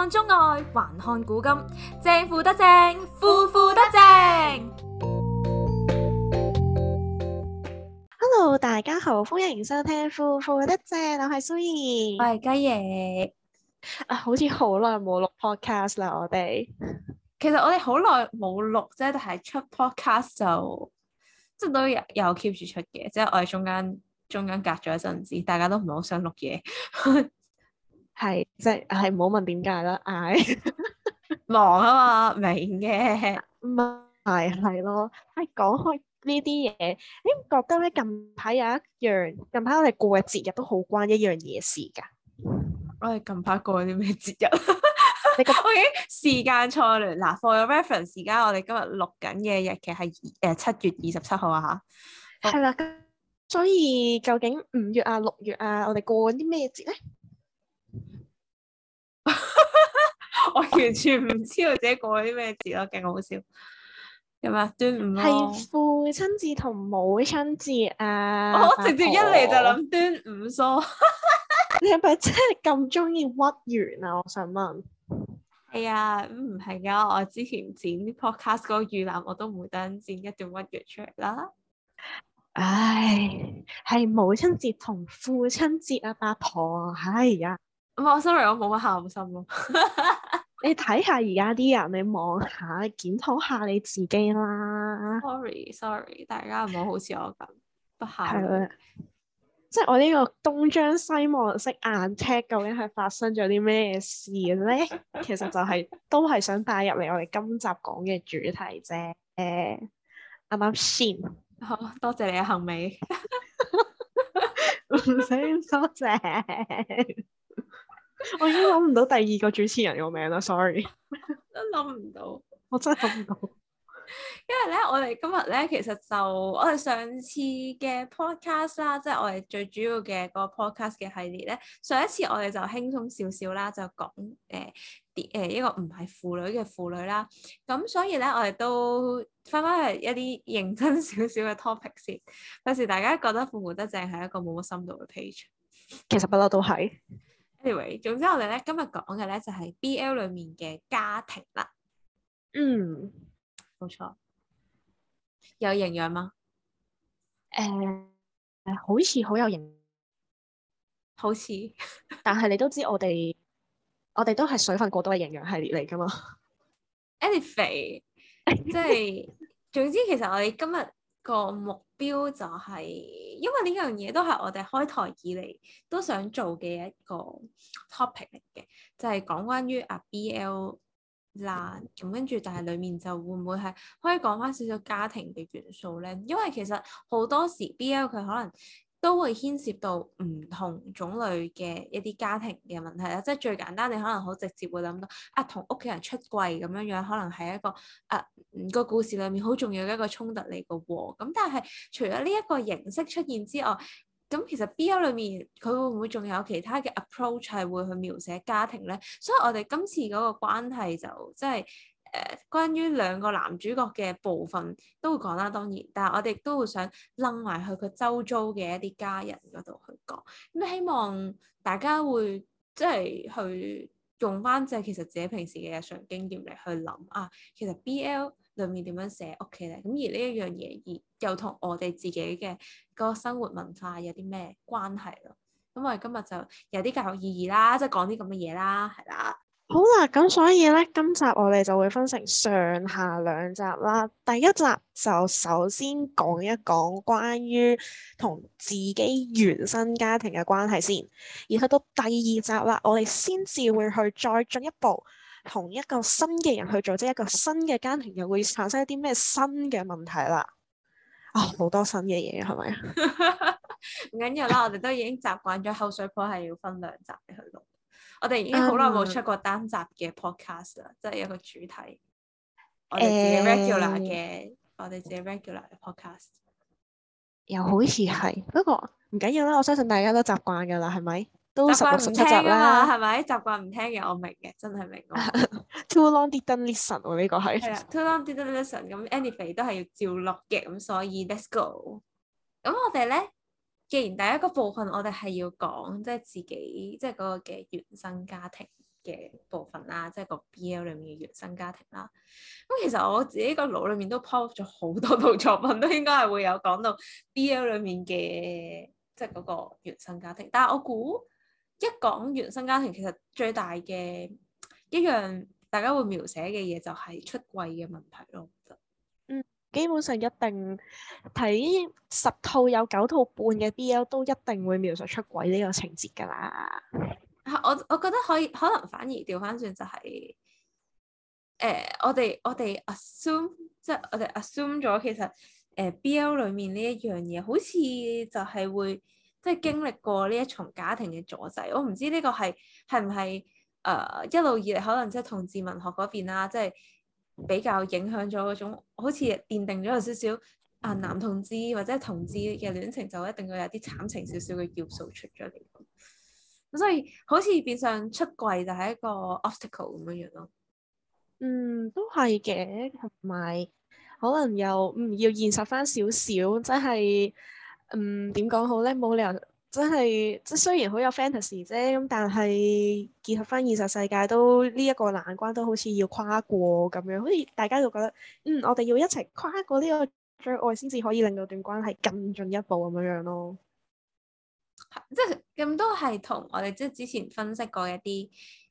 看中外，還看古今。正負得正，腐腐得正。Hello，大家好，歡迎收聽腐腐得正，我係蘇怡，我係雞爺。啊，好似好耐冇錄 podcast 啦，我哋。 其實我哋好耐冇錄啫，但係出 podcast 就即係都有有 keep 住出嘅，即係我哋中間中間隔咗一陣子，大家都唔係好想錄嘢。 係即係，唔好問點解啦，唉、哎， 忙啊嘛，明嘅，係係咯。哎，講開呢啲嘢，誒，覺得咧近排有一樣，近排我哋過嘅節日都好關一樣嘢事噶。我哋、哎、近排過啲咩節日？ 你覺得？ 我已經時間錯亂嗱，for your reference，而家我哋今日錄緊嘅日期係誒七月二十七號啊，吓係啦。所以究竟五月啊、六月啊，我哋過緊啲咩節咧？我完全唔知道自己過咗啲咩節咯，勁好笑。係咪端午咯？係父親節同母親節啊！我直接一嚟就諗端午咯。 你係咪真係咁中意屈原啊？我想問。係啊、哎，唔係啊，我之前剪 podcast 嗰個預覽，我都唔會單剪一段屈原出嚟啦。唉、哎，係母親節同父親節啊，八婆。係、哎哎呀 oh, 啊，唔係，我 sorry，我冇乜孝心咯。你睇下而家啲人，你望下，檢討下你自己啦。Sorry，sorry，sorry, 大家唔好好似我咁不幸。係啊，即係我呢個東張西望式眼踢，究竟係發生咗啲咩事咧？ 其實就係、是、都係想帶入嚟我哋今集講嘅主題啫。啱啱唔啱 e 好多謝你啊，幸美。唔 使 多謝。 我已經諗唔到第二個主持人個名啦，sorry，都諗唔到， 我真係諗唔到。因為咧，我哋今日咧，其實就我哋上次嘅 podcast 啦，即係我哋最主要嘅嗰個 podcast 嘅系列咧，上一次我哋就輕鬆少少啦，就講誒，啲、呃、誒、呃、一個唔係婦女嘅婦女啦，咁所以咧，我哋都翻翻去一啲認真少少嘅 topic 先。有時大家覺得腐腐得正係一個冇乜深度嘅 page？其實不嬲都係。Anyway，總之我哋咧今日講嘅咧就係 BL 裏面嘅家庭啦，嗯，冇錯，有營養嗎？誒、呃，好似好有營好似， 但係你都知我哋，我哋都係水分過多嘅營養系列嚟噶嘛，any 肥，即係總之其實我哋今日個目。標就係、是，因為呢樣嘢都係我哋開台以嚟都想做嘅一個 topic 嚟嘅，就係、是、講關於啊 BL 嗱，咁跟住但係裡面就會唔會係可以講返少少家庭嘅元素咧？因為其實好多時 BL 佢可能，都會牽涉到唔同種類嘅一啲家庭嘅問題啦，即係最簡單，你可能好直接會諗到啊，同屋企人出櫃咁樣樣，可能係一個啊，這個故事裏面好重要嘅一個衝突嚟嘅喎。咁但係除咗呢一個形式出現之外，咁其實 BL 裏面佢會唔會仲有其他嘅 approach 係會去描寫家庭咧？所以我哋今次嗰個關係就即係。真係誒，關於兩個男主角嘅部分都會講啦，當然，但係我哋都會想拎埋去佢周遭嘅一啲家人嗰度去講。咁、嗯、希望大家會即係去用翻即係其實自己平時嘅日常經驗嚟去諗啊，其實 BL 裏面點樣寫屋企咧？咁、嗯、而呢一樣嘢而又同我哋自己嘅個生活文化有啲咩關係咯？咁、嗯、我哋今日就有啲教育意義啦，即係講啲咁嘅嘢啦，係啦。好啦，咁所以咧，今集我哋就會分成上下兩集啦。第一集就首先講一講關於同自己原生家庭嘅關係先，而去到第二集啦，我哋先至會去再進一步同一個新嘅人去組織，即一個新嘅家庭，又會產生一啲咩新嘅問題啦。啊、哦，好多新嘅嘢，係咪？唔緊要啦， 我哋都已經習慣咗口水婆係要分兩集去錄。我哋已經好耐冇出過單集嘅 podcast 啦，嗯、即係一個主題。嗯、我哋自己 regular 嘅，嗯、我哋自己 regular 嘅 podcast。又好似係，不過唔緊要啦，我相信大家都習慣㗎啦，係咪？都十六十七集啦，係咪、嗯？習慣唔聽嘅我明嘅，真係明。Too long didn't listen 呢個係。係啊，too long didn't listen。咁 anyway 都係要照錄嘅，咁所以 let's go。咁我哋咧。既然第一個部分我哋係要講，即係自己即係嗰個嘅原生家庭嘅部分啦，即係個 BL 裏面嘅原生家庭啦。咁其實我自己個腦裏面都 pose 咗好多套作品，都應該係會有講到 BL 裏面嘅即係嗰個原生家庭。但係我估一講原生家庭，其實最大嘅一樣大家會描寫嘅嘢就係出櫃嘅問題咯。基本上一定睇十套有九套半嘅 BL 都一定會描述出軌呢個情節噶啦。啊，我我覺得可以，可能反而掉返轉就係、是、誒、呃，我哋我哋 assume 即係我哋 assume 咗，其實誒、呃、BL 裏面呢一樣嘢，好似就係會即係經歷過呢一重家庭嘅阻滯。我唔知呢個係係唔係誒一路以嚟可能即係同志文學嗰邊啦，即係。比較影響咗嗰種，好似奠定咗有少少啊男同志或者同志嘅戀情就一定會有啲慘情少少嘅要素出咗嚟，咁所以好似變相出櫃就係一個 obstacle 咁樣樣咯、嗯。嗯，都係嘅，同埋可能又唔要現實翻少少，即係嗯點講好咧，冇理由。真係，即雖然好有 fantasy 啫，咁但係結合翻現實世界都，都呢一個難關都好似要跨過咁樣，好似大家都覺得，嗯，我哋要一齊跨過呢個障礙，先至可以令到段關係更進一步咁樣樣咯。即咁、係、都係同我哋即、係、之前分析過一啲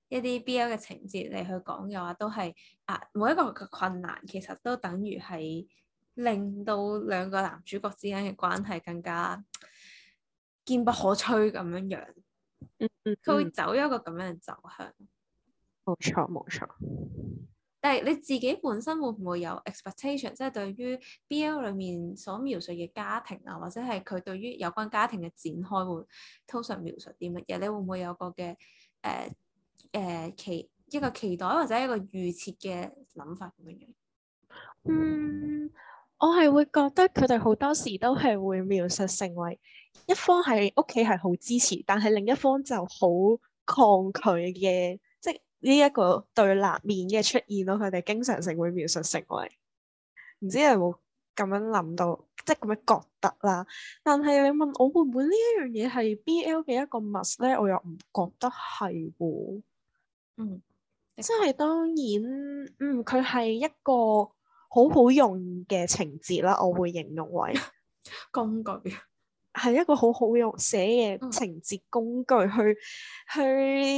一啲 BL 嘅情節嚟去講嘅話，都係啊，每一個嘅困難其實都等於係令到兩個男主角之間嘅關係更加。堅不可摧咁樣樣、嗯，嗯嗯，佢會走一個咁樣嘅走向，冇錯冇錯。錯但係你自己本身會唔會有 expectation，即係對於 B.L. 裏面所描述嘅家庭啊，或者係佢對於有關家庭嘅展開會通常描述啲乜嘢？你會唔會有個嘅誒誒期一個期待或者一個預設嘅諗法咁樣樣？嗯，我係會覺得佢哋好多時都係會描述成為。一方係屋企係好支持，但係另一方就好抗拒嘅，即係呢一個對立面嘅出現咯。佢哋經常性會描述成為，唔知你有冇咁樣諗到，即係咁樣覺得啦。但係你問我會唔會呢一樣嘢係 BL 嘅一個 must 咧，我又唔覺得係喎。嗯，即係當然，嗯，佢係一個好好用嘅情節啦。我會形容為工具，係一個好好用寫嘅情節工具去，去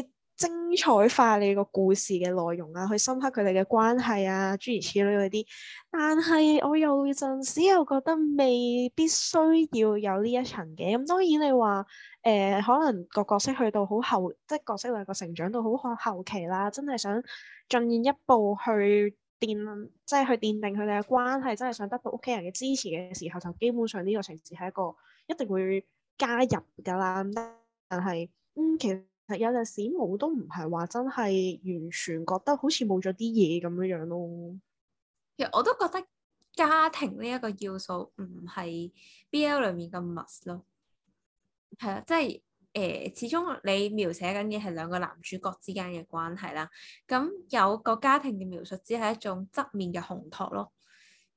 去精彩化你個故事嘅內容啊，去深刻佢哋嘅關係啊，諸如此類嗰啲。但係我有陣時又覺得未必需要有呢一層嘅咁。當然你話誒、呃，可能個角色去到好後，即係角色兩個成長到好後期啦，真係想進一步去奠即係去奠定佢哋嘅關係，真係想得到屋企人嘅支持嘅時候，就基本上呢個情節係一個。一定會加入㗎啦，但係嗯，其實有陣時冇都唔係話真係完全覺得好似冇咗啲嘢咁樣樣咯。其實我都覺得家庭呢一個要素唔係 BL 裡面嘅 must 咯。係啊，即係誒、呃，始終你描寫緊嘅係兩個男主角之間嘅關係啦。咁有個家庭嘅描述只係一種側面嘅烘托咯。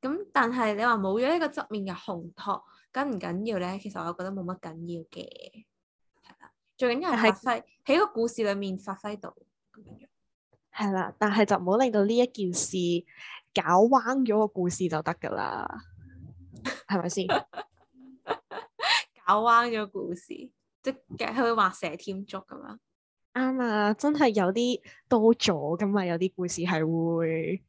咁但係你話冇咗呢個側面嘅烘托，緊唔緊要咧？其實我覺得冇乜緊要嘅，係啦的，最緊要係發揮喺個故事裡面發揮到，咁係啦，但係就唔好令到呢一件事搞彎咗個故事就得噶啦，係咪先？ 搞彎咗故事，即係佢畫蛇添足咁啊？啱啊，真係有啲多咗噶嘛，有啲故事係會。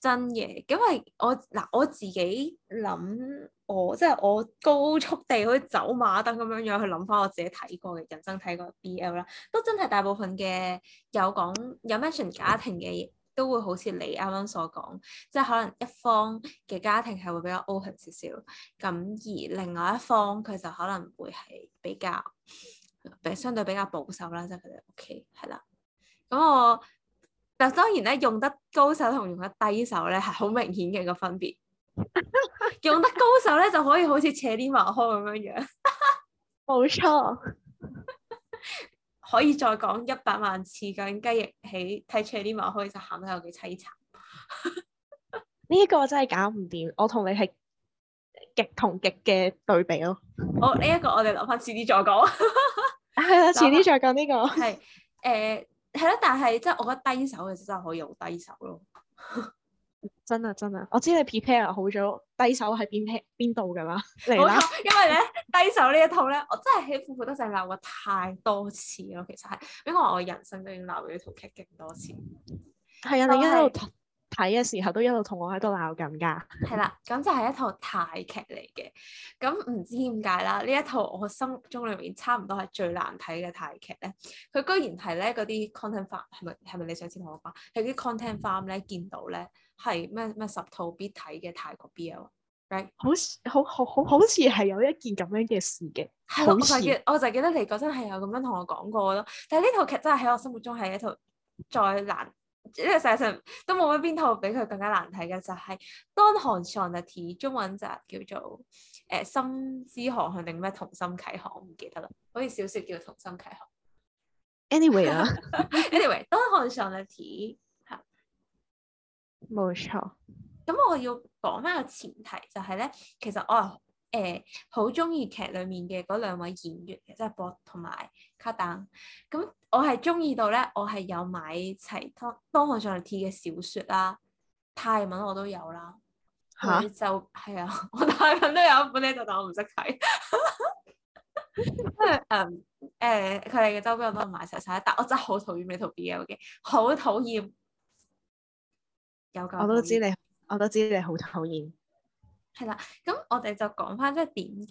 真嘅，因為我嗱我自己諗，我即係我高速地好似走馬燈咁樣樣去諗翻我自己睇過嘅人生睇過 BL 啦，都真係大部分嘅有講有 mention 家庭嘅，都會好似你啱啱所講，即係可能一方嘅家庭係會比較 open 少少，咁而另外一方佢就可能會係比較，比較相對比較保守啦，即係佢哋 OK 係啦，咁我。嗱，當然咧，用得高手同用得低手咧，係好明顯嘅個分別。用得高手咧，就可以好似扯啲麻開咁樣樣，冇 錯。 可以再講一百萬次究竟雞翼起睇扯啲麻開，就慘得有幾淒慘。呢 個真係搞唔掂，我同你係極同極嘅對比咯。我呢一個我哋攞翻遲啲再講。係 啦、啊，遲啲再講呢個。係誒回。 係咯，但係即係我覺得低手嘅真係可以用低手咯， 真啊真啊，我知你 prepare 好咗，低手喺邊邊度噶啦，嚟啦，因為咧 低手呢一套咧，我真係喺《腐腐得正》鬧過太多次咯，其實係，因為我人生都已經鬧過呢套劇勁多次，係啊的，是你而家喺度。睇嘅時候都一路同我喺度鬧緊㗎。係啦，咁就係一套泰劇嚟嘅。咁、嗯、唔、嗯、知點解啦。呢一套我心目中裡面差唔多係最難睇嘅泰劇咧，佢居然係咧嗰啲 content farm 係咪係咪？係咪你上次同我講係啲 content farm 咧，見到咧係咩咩十套必睇嘅泰國 BL right? 好似好好好好似係有一件咁樣嘅事嘅。係我記，我就記得你嗰陣係有咁樣同我講過咯。但係呢套劇真係喺我心目中係一套再難。呢個世界上都冇乜邊套比佢更加難睇嘅，就係、是《當航上的鐵》，中文就叫做誒、呃《心之航向》定咩《同心啟航》，我唔記得啦。好似小説叫《同心啟航》。Anyway 啊 ，Anyway，當《當航上的鐵》吓，冇錯。咁我要講翻個前提就係、是、咧，其實我、哦誒，好鍾意劇裡面嘅嗰兩位演員嘅，即係博同埋卡丹。咁我係鍾意到咧，我係有買齊湯湯漢上嚟睇嘅小説啦，泰文我都有啦。嚇蛤？就係啊，我泰文都有一本呢，就但我唔識睇。因為誒誒，佢哋嘅周邊我都買齊晒，但我真係好討厭呢套 BL 嘅，好討厭。有㗎。我都知你，我都知你好討厭。係啦，咁我哋就講翻即係點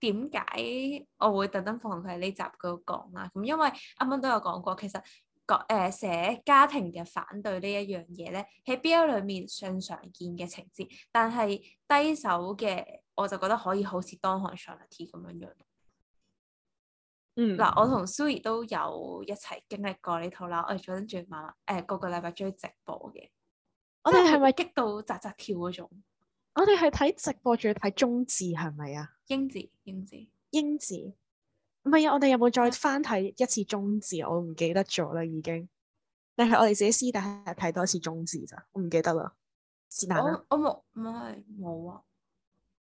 點解我會特登放佢喺呢集度講啦。咁因為啱啱都有講過，其實各誒寫家庭嘅反對一呢一樣嘢咧，喺 BL 裏面算常見嘅情節，但係低手嘅我就覺得可以好似當《當紅上 T》咁樣樣。嗯，嗱，我同 Sue 都有一齊經歷過呢套啦。我哋，呃、最近住麻，誒，個個禮拜追直播嘅，我哋係咪激到扎扎跳嗰種？我哋係睇直播，仲要睇中字，係咪啊？英字，英字，英字，唔係啊！我哋有冇再翻睇一次中字？我唔記得咗啦，已經了了。定係我哋自己私底下睇多次中字咋？我唔記得啦。但。我我冇，唔係冇啊。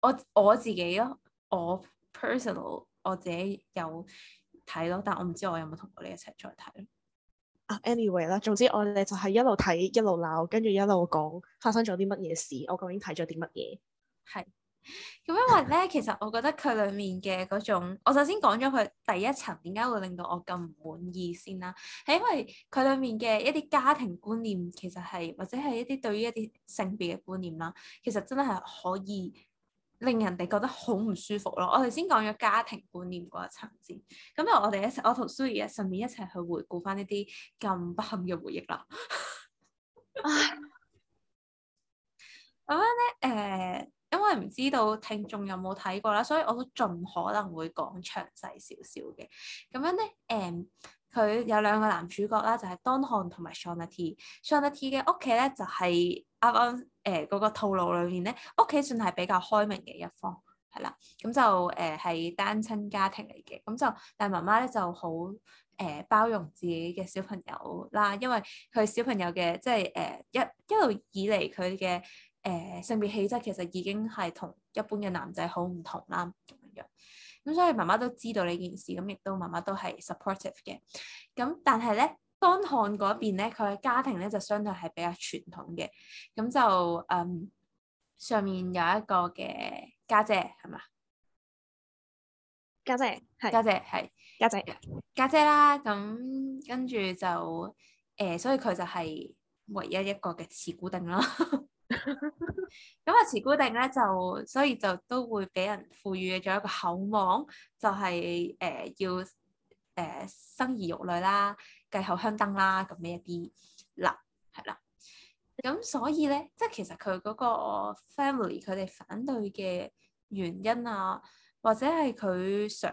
我我自己咯，啊，我 personal 我自己有睇咯，啊，但我唔知我有冇同過你一齊再睇，啊。啊，anyway 啦，總之我哋就係一路睇一路鬧，跟住一路講發生咗啲乜嘢事，我究竟睇咗啲乜嘢？係，咁因為咧，其實我覺得佢裏面嘅嗰種， 我首先講咗佢第一層點解會令到我咁唔滿意先啦，係因為佢裏面嘅一啲家庭觀念，其實係或者係一啲對於一啲性別嘅觀念啦，其實真係可以。令人哋覺得好唔舒服咯。我哋先講咗家庭觀念嗰一層先，咁就我哋一齊，我同 Sueie 順便一齊去回顧翻呢啲咁不幸嘅回憶啦。咁樣咧，誒、呃，因為唔知道聽眾有冇睇過啦，所以我都盡可能會講詳細少少嘅。咁樣咧，誒、呃，佢有兩個男主角啦，就係、是、Don Hong 和同埋 Shawna T。Shawna T 嘅屋企咧就係、是。阿安誒嗰個套路裏面咧，屋企算係比較開明嘅一方，係啦。咁就誒係單親家庭嚟嘅，咁、嗯、就但係媽媽咧就好誒包容自己嘅小朋友啦，因為佢小朋友嘅即係誒、呃、一一路以嚟佢嘅誒性別氣質其實已經係同一般嘅男仔好唔同啦咁、啊、樣。咁、嗯、所以媽媽都知道呢件事，咁、嗯、亦都媽媽都係 supportive 嘅。咁、嗯、但係咧。江漢嗰邊咧，佢嘅家庭咧就相對係比較傳統嘅，咁就嗯上面有一個嘅家姐係嘛，家姐係家姐係家姐家姐，姐，姐啦，咁跟住就誒、呃，所以佢就係唯一一個嘅慈姑定咯。咁 啊， 慈姑定咧就，所以就都會俾人賦予咗一個厚望，就係、是、誒、呃、要誒、呃、生兒育女啦。繼後香燈啦，咁嘅一啲嗱，係啦，咁所以咧，即係其實佢嗰個 family 佢哋反對嘅原因啊，或者係佢想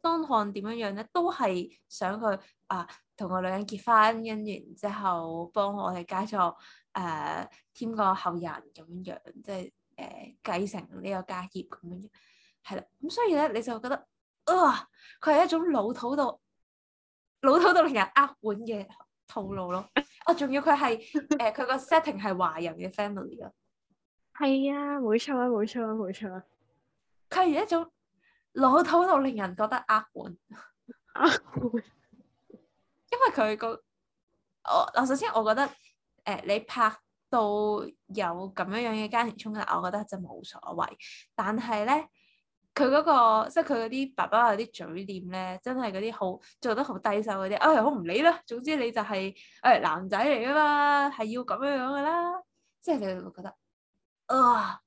當看點樣樣咧，都係想佢啊同個女人結婚，跟完之後幫我哋家族誒添個後人咁樣樣，即係誒、呃、繼承呢個家業咁樣樣，係啦，咁所以咧，你就覺得啊，佢、呃、係一種老土到～老土到令人扼腕嘅套路咯，哦，仲要佢係誒佢個 setting 係華人嘅 family 咯，係啊，冇、 呃啊、錯啊，冇錯啊，冇錯啊，佢係一種老土到令人覺得扼腕 因為佢個我啊，首先我覺得誒、呃、你拍到有咁樣樣嘅家庭衝突，我覺得就冇所謂，但係咧。佢嗰、那個，即係佢嗰啲爸爸嗰啲嘴臉咧，真係嗰啲好做得好低手嗰啲，唉、哎，我唔理啦。總之你就係、是、誒、哎、男仔嚟噶嘛，係要咁樣樣噶啦。即係你會覺得啊、呃，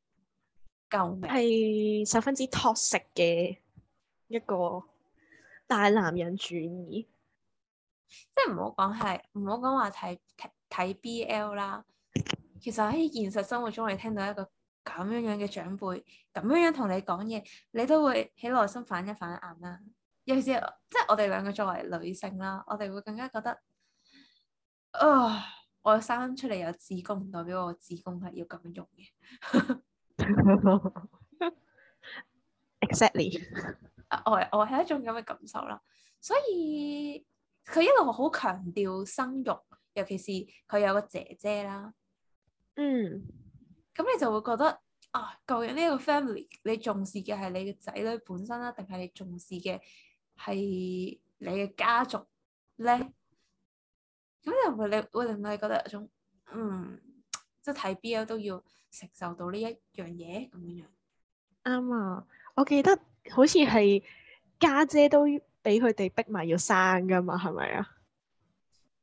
救命！係十分之 toxic 嘅一個大男人主義。即係唔好講係，唔好講話睇睇 BL 啦。其實喺現實生活中，我聽到一個咁樣樣嘅長輩，咁樣樣同你講嘢，你都會起內心反一反眼啦、啊。尤其是即係我哋兩個作為女性啦，我哋會更加覺得啊、呃，我生出嚟有子宮，代表我子宮係要咁樣用嘅。 Exactly， 啊、我我係一種咁嘅感受啦。所以佢一路好強調生育，尤其是佢有個姐姐啦。嗯。Mm. 咁你就會覺得啊，究竟呢個 family 你重視嘅係你嘅仔女本身啦，定係你重視嘅係你嘅家族咧？咁又會你會令到你覺得一種，嗯，即係睇 BL 都要承受到呢一樣嘢咁樣樣。啱啊、嗯！我記得好似係家姐都俾佢哋逼埋要生㗎嘛，係咪啊？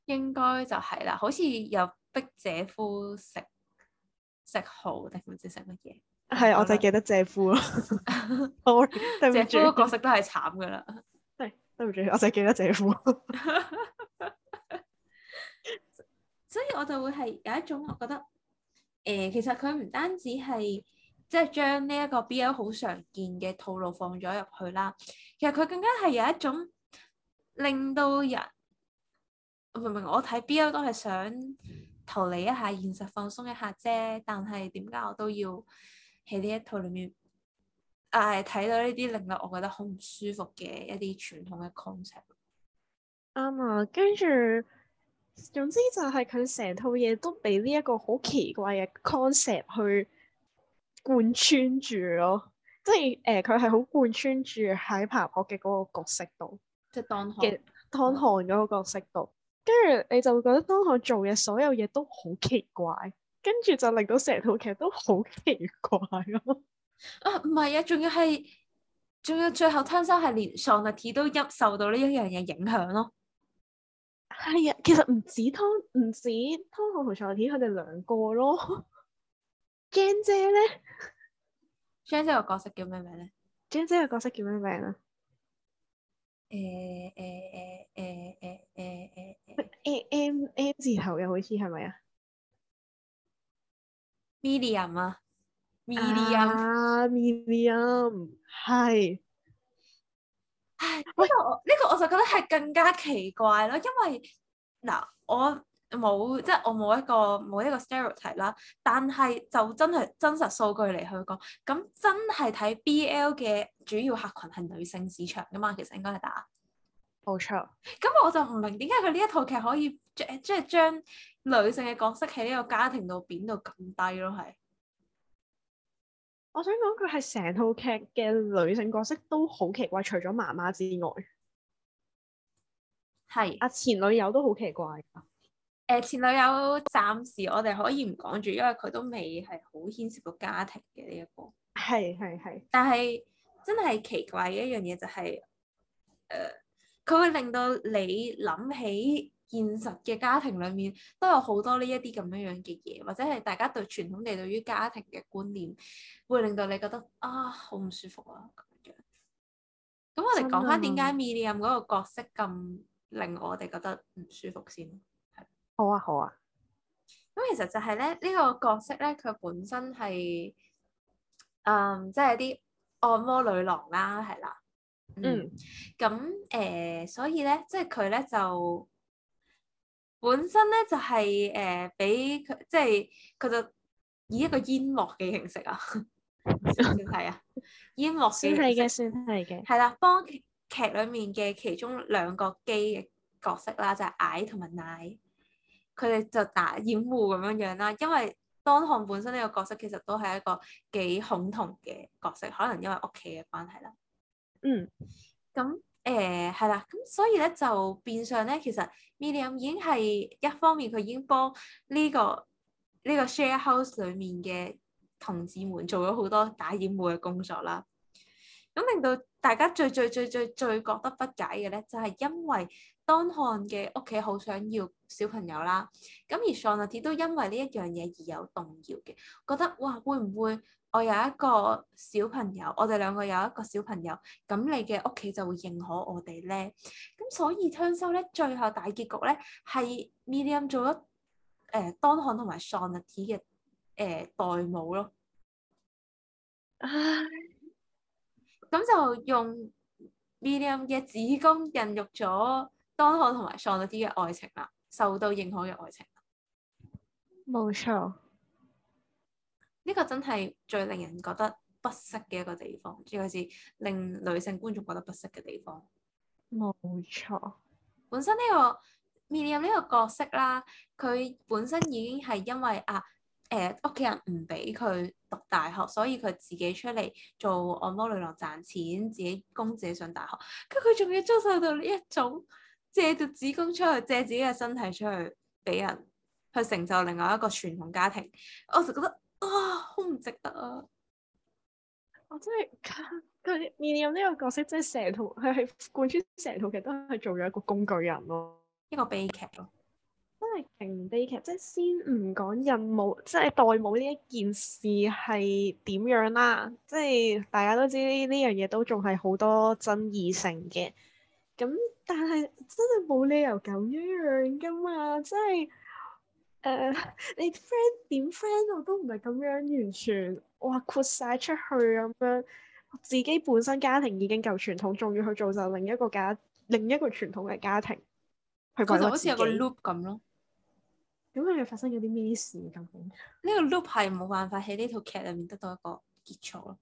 應該就係啦，好似有逼姐夫食。食好定唔知食乜嘢？係對，我就記得姐夫咯。哦，姐夫嗰個角色都係慘噶啦。對唔住，我就記得姐夫。 所以我就會係有一種，我覺得，誒、呃，其實佢唔單止係即係將呢一個 BL 好常見嘅套路放咗入去啦，其實佢更加係有一種令到人，明明我睇 BL 都係想。逃離一下現實，放鬆一下啫。但係點解我都要喺呢一套裡面，誒、哎、睇到呢啲令到我覺得好唔舒服嘅一啲傳統嘅 concept？啱啊，跟住、嗯、總之就係佢成套嘢都俾呢一個好奇怪嘅 concept 去貫穿住咯、哦，即係誒佢係好貫穿住喺彭柏嘅嗰個角色度，即係當韓當韓嗰個角色度。嗯。跟住你就會覺得湯浩做嘅所有嘢都好奇怪，跟住就令到成套劇都好奇怪咁、哦、咯。啊，唔係啊，仲要係，仲要最後湯生係連桑納鐵都一受到呢一樣嘢影響咯。係啊，其實唔止湯，唔止湯浩同桑納鐵，佢哋兩個咯。Jane 姐咧，Jane 姐個角色叫咩名咧？Jane 姐個角色叫咩名啊？誒誒誒誒誒誒誒誒，M M M 字頭又好似係咪啊？Medium 啊，Medium 啊，Medium 係。唉，呢個我呢個我就覺得係更加奇怪咯，因為嗱我。冇，即係我冇一個冇一個 stereotype 啦。但係就真係真實數據嚟去講，咁真係睇 BL 嘅主要客群係女性市場噶嘛？其實應該係打，冇錯。咁我就唔明點解佢呢一套劇可以即係將女性嘅角色喺呢個家庭度貶到咁低咯？係，我想講佢係成套劇嘅女性角色都好奇怪，除咗媽媽之外，係阿前女友都好奇怪。誒、呃，前女友暫時我哋可以唔講住，因為佢都未係好牽涉到家庭嘅呢一個，係係係。但係真係奇怪嘅一樣嘢就係、是，誒、呃，佢會令到你諗起現實嘅家庭裏面都有好多呢一啲咁樣樣嘅嘢，或者係大家對傳統地對於家庭嘅觀念，會令到你覺得啊好唔舒服啊咁樣。咁我哋講翻點解 Million 嗰個角色咁令我哋覺得唔舒服先。好啊，好啊。咁其實就係咧呢、這個角色咧，佢本身係，嗯，即係啲按摩女郎啦、啊，係啦。嗯。咁誒、呃，所以咧，即係佢咧就本身咧就係、是、誒，俾、呃、佢即係佢就以一個煙幕嘅形式啊，係啊，煙幕算係嘅，算係嘅，係啦，幫劇裏面嘅其中兩個基嘅角色啦，就係、是、矮同埋奶。佢哋就打掩護咁樣樣啦，因為當漢本身呢個角色其實都係一個幾恐同嘅角色，可能因為屋企嘅關係啦。嗯，咁誒係啦，咁、呃、所以咧就變相咧，其實 Medium 已經係一方面，佢已經幫呢個呢個 share house 裡面嘅同志們做咗好多打掩護嘅工作啦。咁令到大家最最最最最最覺得不解嘅咧，就係因為。當漢嘅屋企好想要小朋友啦，咁而桑納蒂都因為呢一樣嘢而有動搖嘅，覺得哇，會唔會我有一個小朋友，我哋兩個有一個小朋友，咁你嘅屋企就會認可我哋咧。咁所以聽修咧，最後大結局咧係 Medium 做咗誒、呃、當漢同埋桑納蒂嘅誒代母咯。唉，咁就用 Medium 嘅子宮孕育咗。當好同埋喪咗啲嘅愛情啦，受到認可嘅愛情啦，冇錯。呢個真係最令人覺得不適嘅一個地方，尤其是令女性觀眾覺得不適嘅地方。冇錯。本身呢個 Million 呢個角色啦，佢本身已經係因為啊誒屋企人唔俾佢讀大學，所以佢自己出嚟做按摩女郎賺錢，自己供自己上大學，跟住佢仲要遭受到呢一種。借條子宮出去，借自己嘅身體出去俾人去成就另外一個傳統家庭，我就覺得啊，好、哦、唔值得啊！我真係佢，就是、面演呢個角色，即係成套，係係貫穿成套劇都係做咗一個工具人咯，一個悲劇咯，真係勁悲劇。即、就、係、是、先唔講任務，即、就、係、是、代母呢一件事係點樣啦？即、就、係、是、大家都知呢樣嘢都仲係好多爭議性嘅。咁但係真係冇理由咁樣樣㗎嘛，即係誒你 friend 點 friend 我都唔係咁樣，完全哇豁晒出去咁樣，自己本身家庭已經夠傳統，仲要去造就另一個家，另一個傳統嘅家庭。佢覺就好似有個 loop 咁咯。咁佢發生咗啲咩事咁？呢個 loop 係冇辦法喺呢套劇入面得到一個結束咯，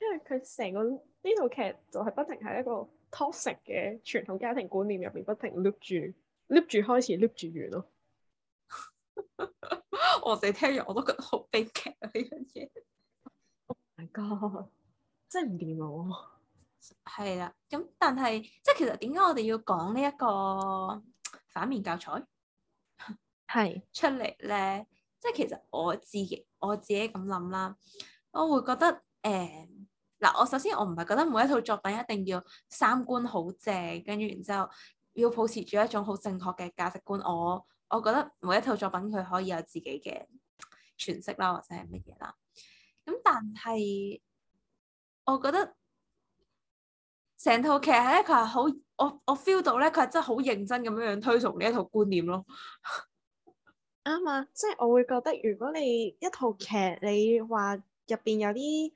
因為佢成個呢套劇就係不停係一個。toxic 嘅傳統家庭觀念入邊，不停 loop 住 loop 住開始 loop 住完咯。 我哋聽完我都覺得好悲劇啊呢樣嘢！Oh my god！真係唔掂喎。係啦，咁但係即係其實點解我哋要講呢一個反面教材係的出嚟咧？即係其實我自己我自己咁諗啦，我會覺得誒。呃嗱，我首先我唔係覺得每一套作品一定要三觀好正，跟住然之後要保持住一種好正確嘅價值觀。我我覺得每一套作品佢可以有自己嘅詮釋啦，或者係乜嘢啦。咁但係我覺得成套劇咧，佢係好，我我 feel 到咧，佢係真係好認真咁樣樣推崇呢一套觀念咯。啱啊，即係我會覺得如果你一套劇你話入邊有啲，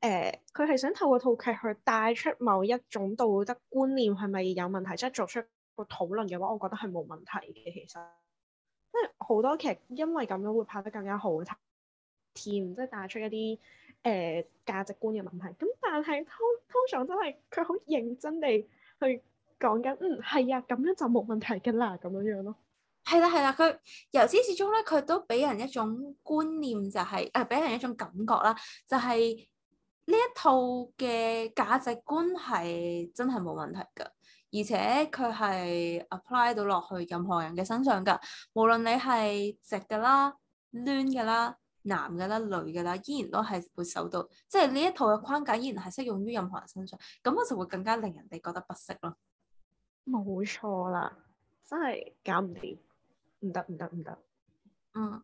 誒，佢係、呃、想透過套劇去帶出某一種道德觀念係咪有問題，即係做出個討論嘅話，我覺得係冇問題嘅。其實，即係好多劇因為咁樣會拍得更加好睇甜，即係帶出一啲誒價值觀嘅問題。咁但係通通常真係佢好認真地去講緊，嗯係啊，咁樣就冇問題嘅啦，咁樣樣咯。係啦係啦，佢、啊、由始至終咧，佢都俾人一種觀念就係、是、誒、俾、啊、人一種感覺啦、就是，就係。呢一套嘅價值觀係真係冇問題㗎，而且佢係 apply 到落去任何人嘅身上㗎，無論你係直嘅啦、攣嘅啦、男嘅啦、女嘅啦，依然都係會受到，即係呢一套嘅框架依然係適用於任何人身上，咁我就會更加令人哋覺得不適咯。冇錯啦，真係搞唔掂，唔得唔得唔得。嗯，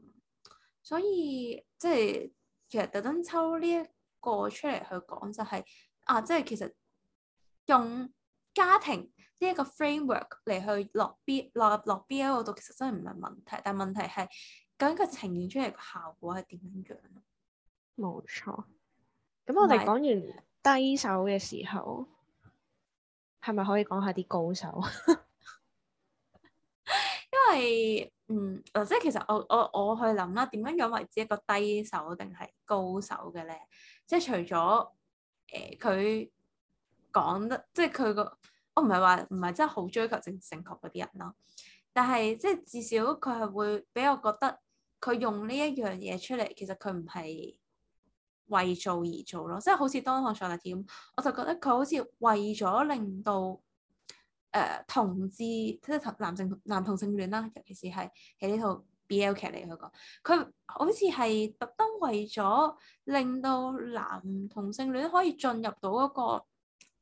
所以即係、即係、其實特登抽呢一。過出嚟去講就係、是、啊，即係其實用家庭呢一個 framework 嚟去落 B，落入落 B，L 度其實真係唔係問題，但問題係究竟佢呈現出嚟個效果係點樣樣？冇錯。咁我哋講完低手嘅時候，係咪是可以講下啲高手？ 因為嗯嗱，即係其實我我我去諗啦，點樣樣為之一個低手定係高手嘅咧？即係除咗誒佢講得，即係佢個，我唔係話唔係真係好追求正正確嗰啲人咯，但係即係至少佢係會畀我覺得佢用呢一樣嘢出嚟，其實佢唔係為做而做咯，即係好似當初上嚟點，我就覺得佢好似為咗令到誒、呃、同志，即係男同男同性戀啦、啊，尤其是係喺呢度。B.L. 劇嚟嗰個，佢好似係特登為咗令到男同性戀可以進入到一個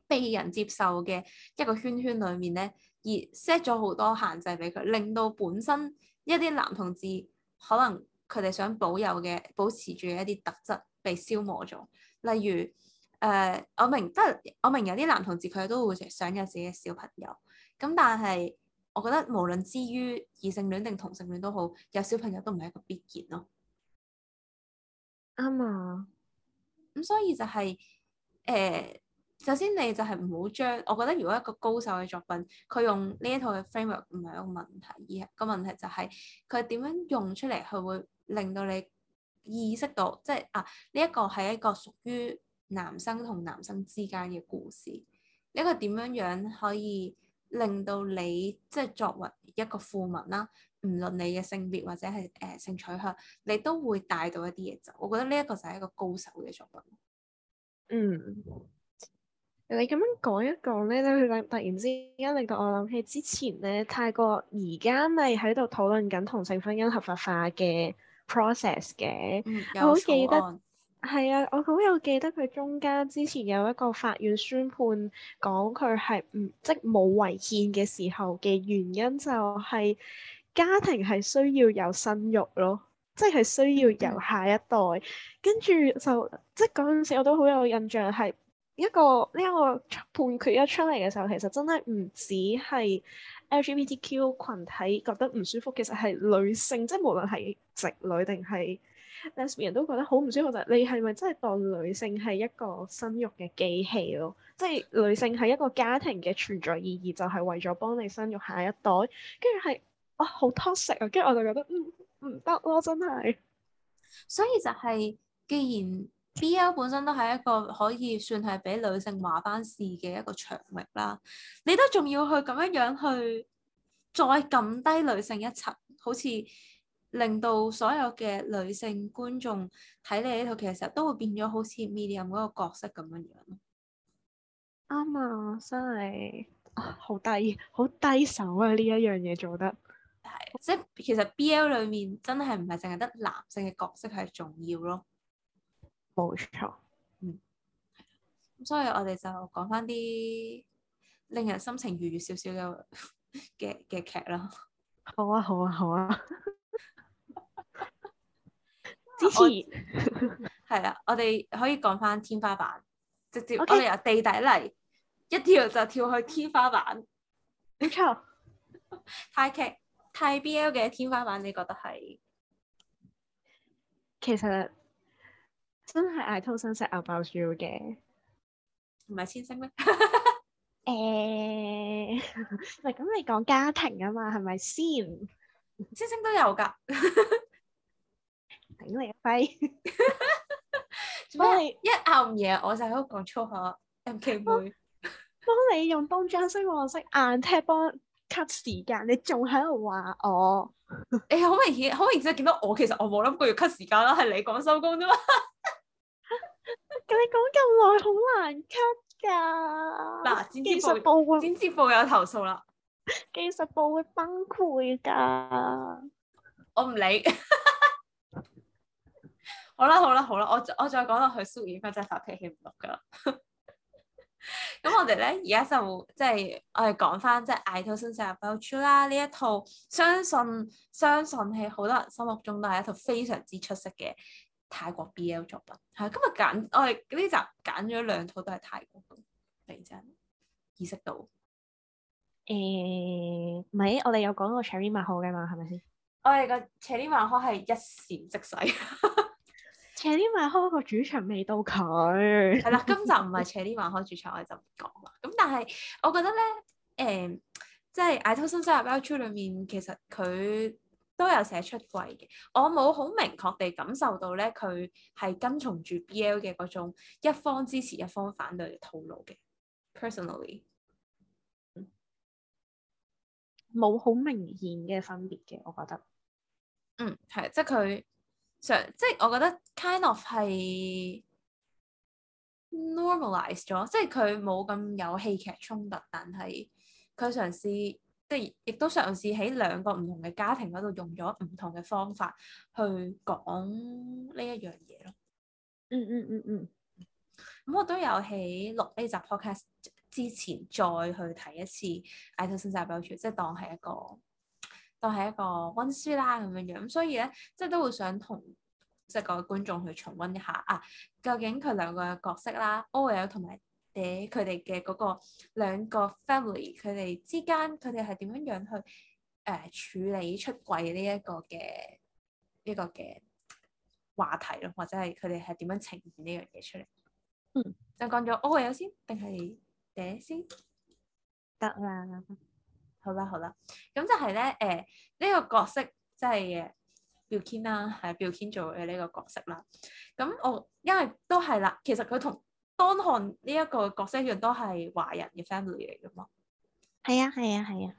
被人接受嘅一個圈圈裡面咧，而 set 咗好多限制俾佢，令到本身一啲男同志可能佢哋想保有嘅、保持住一啲特質被消磨咗。例如誒、呃，我明得，我明有啲男同志佢都會想有自己嘅小朋友，咁但係。我覺得無論之於異性戀定同性戀都好，有小朋友都唔係一個必然咯。啱啊、嗯。咁所以就係、是、誒、呃，首先你就係唔好將我覺得，如果一個高手嘅作品，佢用呢一套嘅 framework 唔係一個問題，而個問題就係佢點樣用出嚟，佢會令到你意識到，即、就、係、是、啊呢一個係一個屬於男生同男生之間嘅故事，呢個點樣樣可以。令到你即係作為一個父母啦，唔論你嘅性別或者係誒、呃、性取向，你都會帶到一啲嘢走。我覺得呢一個就係一個高手嘅作品。嗯，你咁樣講一講咧，咧佢突然之間令到我諗起之前咧泰國而家咪喺度討論緊同性婚姻合法化嘅 process 嘅，嗯、有我好記得。係啊，我好有記得佢中間之前有一個法院宣判，講佢係唔即冇違憲嘅時候嘅原因就係家庭係需要有生育咯，即係需要有下一代。跟住、嗯、就即嗰時我都好有印象，係一個呢一個判決一出嚟嘅時候，其實真係唔止係 LGBTQ 群體覺得唔舒服，其實係女性，即無論係直女定係 Lesbian 人都覺得好唔舒服，就係、是、你係咪真係當女性係一個生育嘅機器咯？即係女性係一個家庭嘅存在意義就係、是、為咗幫你生育下一代，跟住係啊好 toxic 啊，跟住我就覺得唔唔得咯，真係。所以就係、是，既然 BL 本身都係一個可以算係俾女性話翻事嘅一個場域啦，你都仲要去咁樣樣去再撳低女性一層，好似～令到所有嘅女性觀眾睇你呢套劇嘅時候，都會變咗好似 medium 嗰個角色咁樣樣咯。啱、嗯、啊，真係好低好低手啊！呢一樣嘢做得係即係其實 B L 裡面真係唔係淨係得男性嘅角色係重要咯。冇錯，嗯。咁所以我哋就講返啲令人心情愉悅少少嘅嘅嘅劇咯。好啊！好啊！好啊！支持係啦我， 我哋可以講翻天花板，直接我哋由地底嚟一跳就跳去天花板，冇錯。 泰劇泰 BL 嘅天花板，你覺得係？其實真係 I Told Sunset About You 嘅，唔係先生咩？誒、 欸，喂，咁你講家庭啊嘛，係咪先？先生都有㗎。 頂你個肺！ 做咩、啊。 一暗嘢我就喺度講粗口。M K 妹，幫 你用東張西望模式硬踢幫 cut 時間，你仲喺度話我？誒、 欸，好明顯，好明顯，見到我其實我冇諗過要 cut 時間 啦，係你講收工啫嘛。咁你講咁耐好難 cut 噶。嗱，剪接部，技術部，剪接部有投訴啦。技術部會崩潰噶。我唔不理。 好啦好啦好啦，我我再講落去，e 婉芬真係發脾氣唔讀噶啦。咁我哋咧而家就即係我哋講翻即係《愛到生死不相見》啦，呢一套相信相信喺好多人心目中都係一套非常之出色嘅泰國 BL 作品。係今日揀我哋呢集揀咗兩套都係泰國嘅，突然之意識到。誒唔係，我哋有講過 Cherry 曼可嘅嘛？係咪先？我哋個 Cherry 曼可係一閃即逝。 Cherry 咪開個主場未到佢，係啦了， 今集唔係 Cherry 還開主場，我就唔講啦。咁但係我覺得咧，誒、嗯，即係 I Told Sunset About You 裏面，其實佢都有寫出櫃嘅。我冇好明確地感受到咧，佢係跟從住 BL 嘅嗰種一方支持一方反對嘅套路嘅。Personally，冇好、嗯、明顯嘅分別嘅，我覺得。嗯，係，即係佢。上即係我覺得 kind of 係 normalise 咗，即係佢冇咁有戲劇衝突，但係佢嘗試即係亦都嘗試喺兩個唔同嘅家庭嗰度用咗唔同嘅方法去講呢一樣嘢咯。嗯嗯嗯嗯，咁、嗯嗯、我都有喺錄呢集 podcast 之前再去睇一次《艾頓家族》，即係當係一個。都係一個溫書啦咁樣樣，所以咧，即係都會想同即各位觀眾去重溫一下啊，究竟佢兩個角色啦，O.L. 同埋嗲佢哋嘅嗰個兩個 family，佢哋之間佢哋係點樣樣去誒、呃、處理出櫃呢一個嘅呢、呢個嘅話題咯，或者係佢哋係點樣呈現呢樣嘢出嚟？嗯，就先講咗 O.L. 先定係嗲先得啦。好啦好啦，咁就係、是、咧，誒、呃、呢、這個角色即係 Billkin 啦，係 Billkin 做嘅呢個角色啦。咁我、哦、因為都係啦，其實佢同 Don Han 呢一個角色一樣，都係華人嘅 family 嚟噶嘛。係啊係啊係啊，啊啊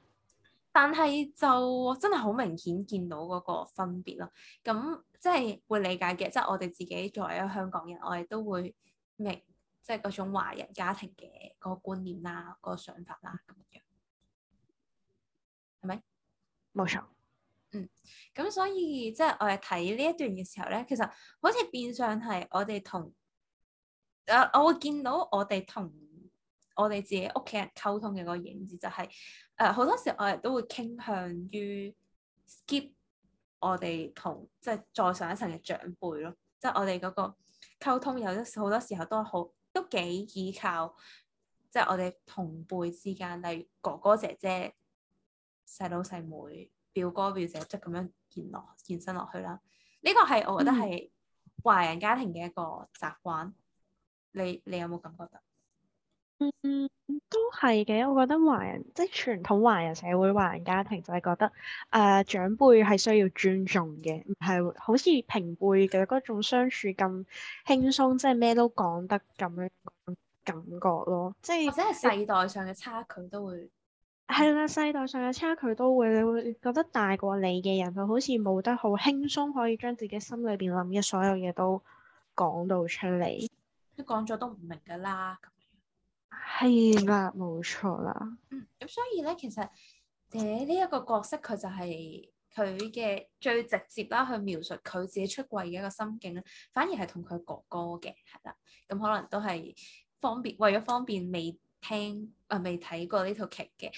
但係就真係好明顯見到嗰個分別咯。咁即係會理解嘅，即、就、係、是、我哋自己作為一個香港人，我哋都會明即係嗰種華人家庭嘅嗰個觀念啦、嗰、那個想法啦咁樣。係咪？冇錯。錯嗯，咁所以即係、就是、我哋睇呢一段嘅時候咧，其實好似變相係我哋同啊、呃，我會見到我哋同我哋自己屋企人溝通嘅個影子、就是，就係誒好多時我哋都會傾向於 skip 我哋同即係再上一層嘅長輩咯，即、就、係、是、我哋嗰個溝通有好多時候都好都幾依靠即係、就是、我哋同輩之間，例如哥哥姐姐。細佬細妹、表哥、表姐即係咁樣延續、延伸落去啦，呢個係我覺得係華人家庭嘅一個習慣、嗯。你你有冇咁覺得？嗯，都係嘅。我覺得華人即係傳統華人社會華人家庭就係覺得誒、呃、長輩係需要尊重嘅，唔係好似平輩嘅嗰種相處咁輕鬆，即係咩都講得咁樣感覺咯。即係或者係世代上嘅差距都會。係啦，世代上有差距都會，你會覺得大過你嘅人，佢好似冇得好輕鬆，可以將自己心裏邊諗嘅所有嘢都講到出嚟。都講咗都唔明噶啦，咁係啦，冇錯啦。咁、嗯、所以咧，其實誒呢一個角色佢就係佢嘅最直接啦，去描述佢自己出櫃嘅一個心境咧，反而係同佢哥哥嘅，係啦。咁可能都係方便，為咗方便未聽啊未睇過呢套劇嘅。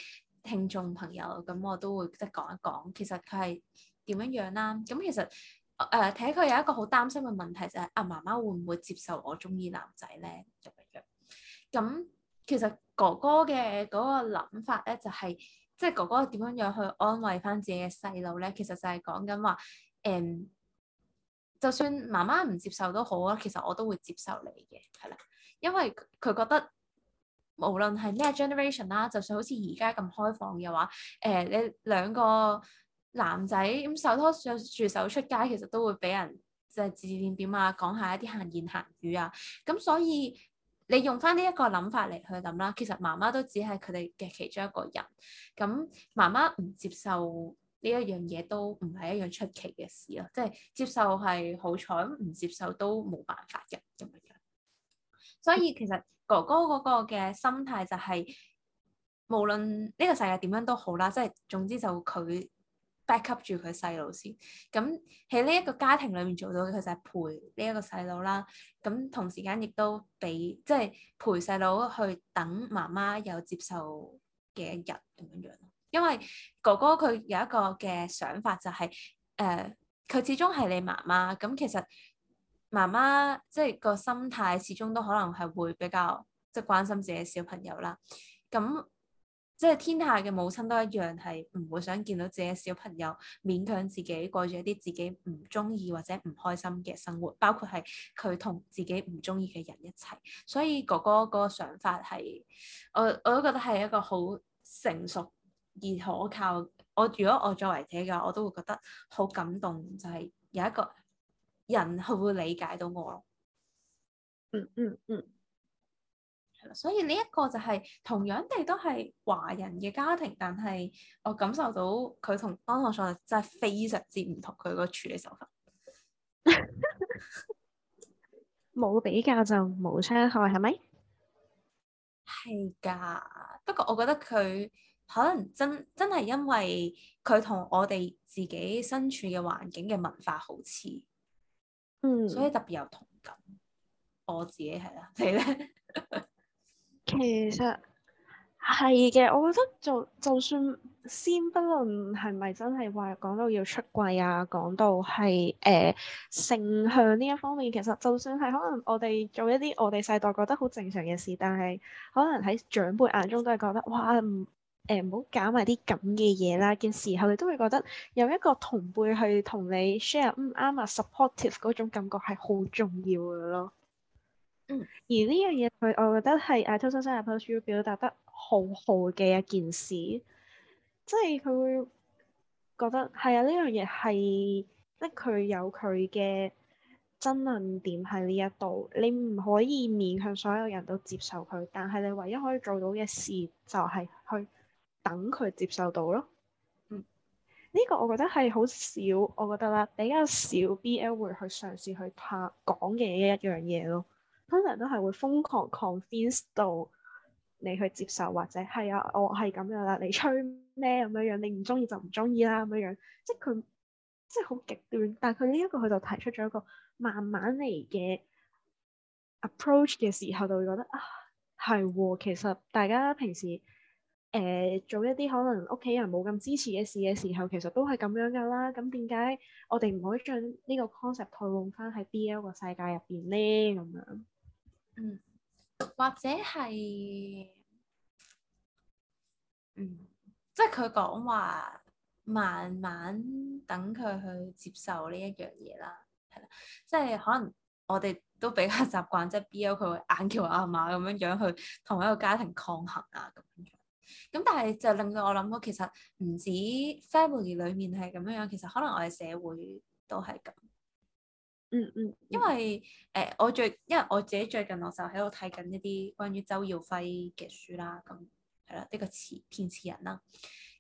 聽眾朋友，咁我都會即係講一講，其實佢係點樣樣、啊、啦。咁其實誒睇佢有一個好擔心嘅問題就係、是、阿、啊、媽媽會唔會接受我中意男仔咧咁樣。咁其實哥哥嘅嗰個諗法咧就係、是，即、就、係、是、哥哥點樣樣去安慰返自己嘅細路咧，其實就係講緊話誒，就算媽媽唔接受都好啊，其實我都會接受你嘅，係啦，因為佢覺得。無論係咩 generation 啦，啊，就算好似而家咁開放嘅話，誒、呃，你兩個男仔咁手拖住手出街，其實都會俾人就是、指指點點啊，講下一啲閒言閒語啊。咁所以你用翻呢一個諗法嚟去諗啦，其實媽媽都只係佢哋嘅其中一個人。咁媽媽唔接受呢一樣嘢都唔係一樣出奇嘅事咯，啊，即、就、係、是、接受係好彩，唔接受都冇辦法嘅咁樣。所以其實。嗯哥哥嗰個嘅心態就係、是、無論呢個世界點樣都好啦，即係總之就佢 back up 住佢細佬先。咁喺呢一個家庭裏面做到嘅佢就係陪呢一個細佬啦。咁同時間亦都俾即係陪細佬去等媽媽有接受嘅一日咁樣樣。因為哥哥佢有一個嘅想法就係、是、誒，佢、呃、始終係你媽媽。咁其實～媽媽即係個心態，始終都可能係會比較即係關心自己小朋友啦。咁即係天下嘅母親都一樣，係唔會想見到自己小朋友勉強自己過住一啲自己唔中意或者唔開心嘅生活，包括係佢同自己唔中意嘅人一齊。所以哥哥嗰個想法係，我我都覺得係一個好成熟而可靠。我如果我作為自己嘅話，我都會覺得好感動，就係有一個。人係會，會理解到我咯，嗯嗯嗯，所以呢一個就係、係、同樣地都係華人嘅家庭，但係我感受到佢同當堂上真係非常之唔同，佢個處理手法冇比較就冇傷害，係咪？係㗎。不過我覺得佢可能真真係因為佢同我哋自己身處嘅環境嘅文化好似。嗯，所以特別有同感。我自己係啦，你咧？ 其實係嘅，我覺得就就算先不論係咪真係話講到要出櫃啊，講到係誒、呃、性向呢一方面，其實就算係可能我哋做一啲我哋世代覺得好正常嘅事，但係可能喺長輩眼中都係覺得哇唔。誒，唔好搞埋啲咁嘅嘢啦，件事後你都會覺得有一個同輩去同你 share 唔、嗯、啱啊，supportive 嗰種感覺係好重要嘅咯。嗯，而呢樣嘢佢，我覺得係誒《I Told Sunset About You》表達得好好嘅一件事，即係佢會覺得係啊，呢樣嘢係即佢有佢嘅爭論點喺呢一度，你唔可以勉強所有人都接受佢，但係你唯一可以做到嘅事就係去。等佢接受到咯，嗯，呢個我覺得係好少，我覺得啦，比較少 BL 會去嘗試去拍講嘅一樣嘢咯。通常都係會瘋狂 convince 到你去接受，或者係啊、哎，我係咁樣啦，你吹咩咁樣樣，你唔中意就唔中意啦咁樣樣，即係佢即係好極端。但係佢呢一個佢就提出咗一個慢慢嚟嘅 approach 嘅時候，就會覺得啊，係喎，其實大家平時。誒、呃、做一啲可能屋企人冇咁支持嘅事嘅時候，其實都係咁樣噶啦。咁點解我哋唔可以將呢個 concept 套用翻喺 BL 個世界入邊咧？咁樣，嗯，或者係，嗯，即係佢講話慢慢等佢去接受呢一樣嘢啦，係啦，即係可能我哋都比較習慣即係 BL 佢會硬叫阿媽咁樣樣去同一個家庭抗衡啊咁咁但係就令到我諗到，其實唔止 family 裏面係咁樣樣，其實可能我哋社會都係咁、嗯。嗯嗯，因為誒、呃，我最因為我自己最近我就喺度睇緊一啲關於周耀輝嘅書啦，咁係啦，呢、這個詞填詞人啦。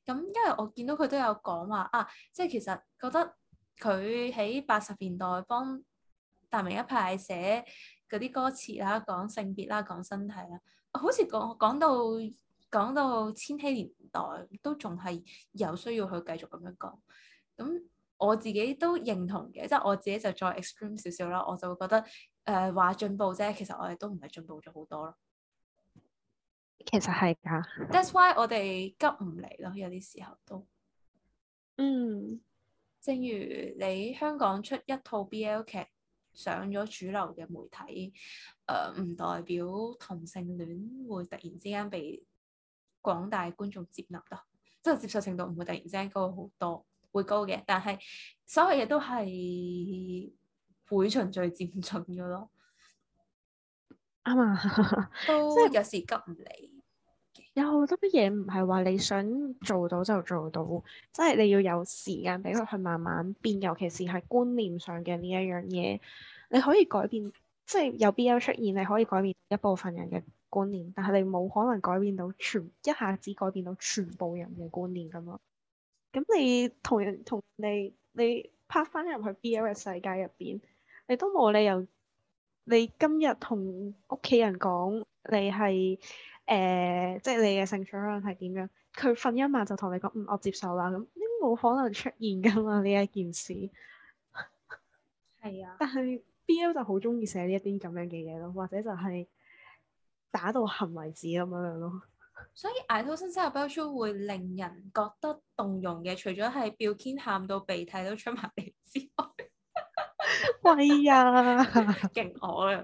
咁因為我見到佢都有講話啊，即、就、係、是、其實覺得佢喺八十年代幫達明一派寫嗰啲歌詞啦，講性別啦，講身體啦，好似講講到。講到千禧年代都仲係有需要去繼續咁樣講，咁我自己都認同嘅，即係我自己就再 extreme 少少啦，我就會覺得誒話進步啫，其實我哋都唔係進步咗好多咯。其實係㗎。That's why 我哋急唔嚟咯，有啲時候都。嗯。正如你香港出一套 BL 劇上咗主流嘅媒體，誒唔代表同性戀會突然之間被廣大觀眾接納得，即係接受程度唔會突然之間高好多，會高嘅。但係所有嘢都係會循序漸進嘅咯，啱啊，都即係有時急唔嚟。有好多嘢唔係話你想做到就做到，即係你要有時間俾佢去慢慢變。尤其是係觀念上嘅呢一樣嘢，你可以改變，即係有 BL 出現係可以改變一部分人嘅。觀念，但係你冇可能改變到全，一下子改變到全部人嘅觀念㗎嘛。咁你同人同你，你拍翻入去 BL 嘅世界入邊，你都冇理由，你今日同屋企人講你係誒，即、呃、係、就是、你嘅性取向係點樣，佢瞓一晚就同你講，嗯，我接受啦。咁你冇可能出現噶嘛呢一件事。係 啊。但係 BL 就好中意寫呢一啲咁樣嘅嘢咯，或者就係、是。打到喊為止咁樣樣咯，所以《I Told Sunset About You》會令人覺得動容嘅，除咗係 Billkin 喊到鼻涕都出埋嚟之外，喂 呀，勁我啦，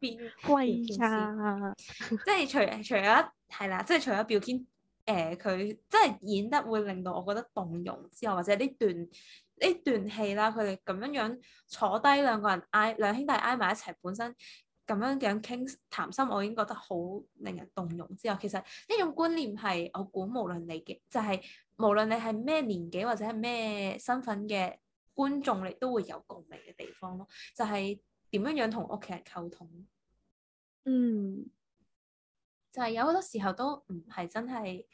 變貴差。即係除除咗係啦，即係除咗 Billkin 誒佢即係演得會令到我覺得動容之外，或者呢段呢段戲啦，佢哋咁樣樣坐低兩個人挨兩兄弟挨埋一齊，本身。咁樣樣傾談心，我已經覺得好令人動容。之後其實呢種觀念係，我估無論你嘅，就係、是、無論你係咩年紀或者係咩身份嘅觀眾，你都會有共鳴嘅地方咯。就係、是、點樣樣同屋企人溝通？嗯，就係、是、有好多時候都唔係真係，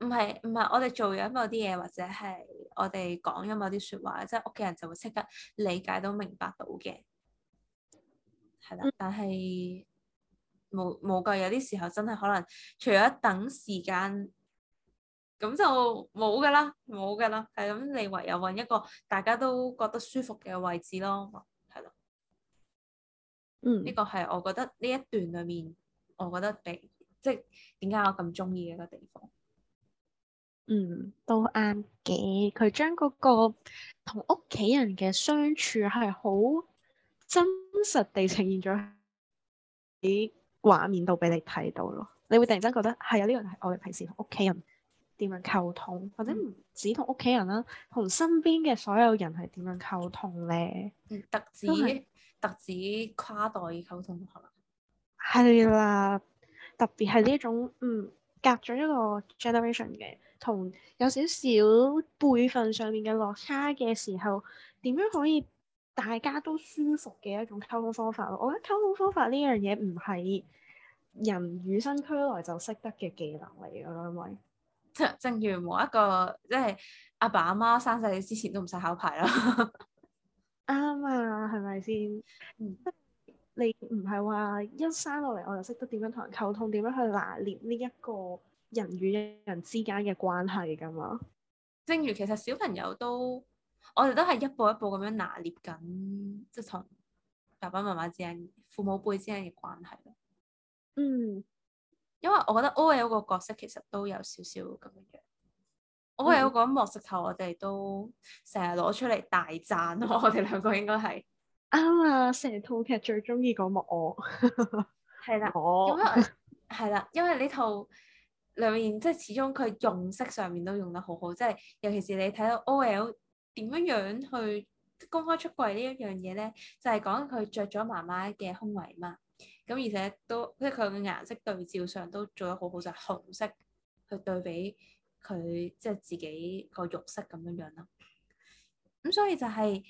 唔係唔係，我哋做咗某啲嘢，或者係我哋講咗某啲説話，即係屋企人就會即刻理解到明白到嘅。係啦，但係冇冇噶，有啲時候真係可能除咗等時間，咁就冇噶啦，冇噶啦，係咁你唯有搵一個大家都覺得舒服嘅位置咯，係咯。嗯，呢個係我覺得呢一段裏面，我覺得比即係點解我咁中意嘅一個地方。嗯，都啱嘅，佢將嗰個同屋企人嘅相處係好。真實地呈現咗喺畫面度俾你睇到咯，你會突然間覺得係啊！呢個係我哋平時同屋企人點樣溝通，或者唔止同屋企人啦，同身邊嘅所有人係點樣溝通咧？嗯，特指是特指跨代溝通可能係啦，啊，特別係呢一種嗯隔咗一個 generation 嘅，同有少少輩份上面嘅落差嘅時候，點樣可以大家都舒服嘅一種溝通方法咯，我覺得溝通方法呢樣嘢唔係人與生俱來就識得嘅技能嚟嘅咯，因為正正如冇一個即係阿爸阿媽生仔之前都唔使考牌啦，啱啊，係咪先？即係你唔係話一生落嚟我就識得點樣同人溝通，點樣去拿捏呢一個人與人之間嘅關係㗎嘛？正如其實小朋友都。我哋都係一步一步咁樣拿捏緊，即係同爸爸媽媽之間、父母輩之間嘅關係咯。嗯，因為我覺得 O.L. 個角色其實都有少少咁樣。嗯、O.L. 嗰幕石頭，我哋都成日攞出嚟大讚咯。我哋兩個應該係啱啊！成套劇最鍾意嗰幕我，係 啦了，我係啦， 因為呢套裏面即係、就是、始終佢用色上面都用得好好，即、就、係、是、尤其是你睇到 O.L. 點樣樣去公開出櫃呢一樣嘢咧？就係講佢着咗媽媽嘅胸圍嘛。咁而且都即係佢嘅顏色對照上都做得好好，就係紅色去對比佢即係自己個肉色咁樣樣啦。咁所以就係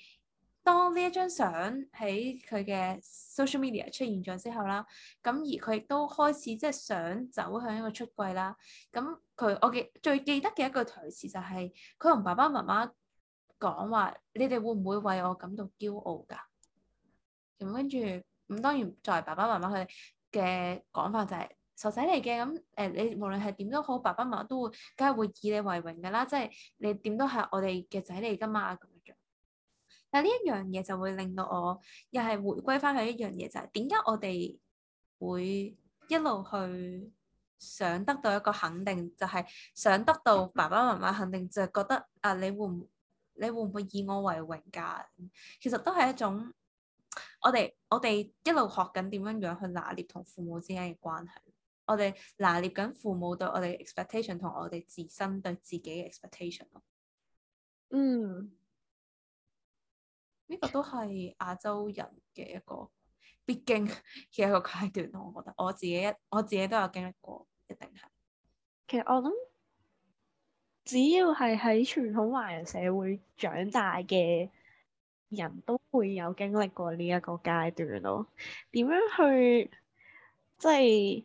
當呢一張相喺佢嘅 social media 出現咗之後啦，咁而佢亦都開始即係想走向一個出櫃啦。咁佢我記最記得嘅一個台詞就係佢同爸爸媽媽，講話你哋會唔會為我感到驕傲㗎？咁跟住，咁當然作為爸爸媽媽佢嘅講法就係傻仔嚟嘅，咁誒，你無論係點都好，爸爸媽媽都會梗係會以你為榮㗎啦，即係你點都係我哋嘅仔嚟㗎嘛咁樣。但係呢一樣嘢就會令到我又係回歸翻去一樣嘢，就係點解我哋會一路去想得到一個肯定，就係想得到爸爸媽媽肯定，就係覺得，啊，你會唔？你會唔會以我為榮㗎？其實都係一種我哋我哋一路學緊點樣樣去拿捏同父母之間嘅關係，我哋拿捏緊父母對我哋嘅 expectation 同我哋自身對自己嘅 expectation 咯。嗯，呢個都係亞洲人嘅一個必經嘅一個階段咯。我覺得我自己一我自己都有經歷過，一定係。其實我諗。只要係喺傳統華人社會長大嘅人都會有經歷過呢一個階段咯。哦、點樣去即係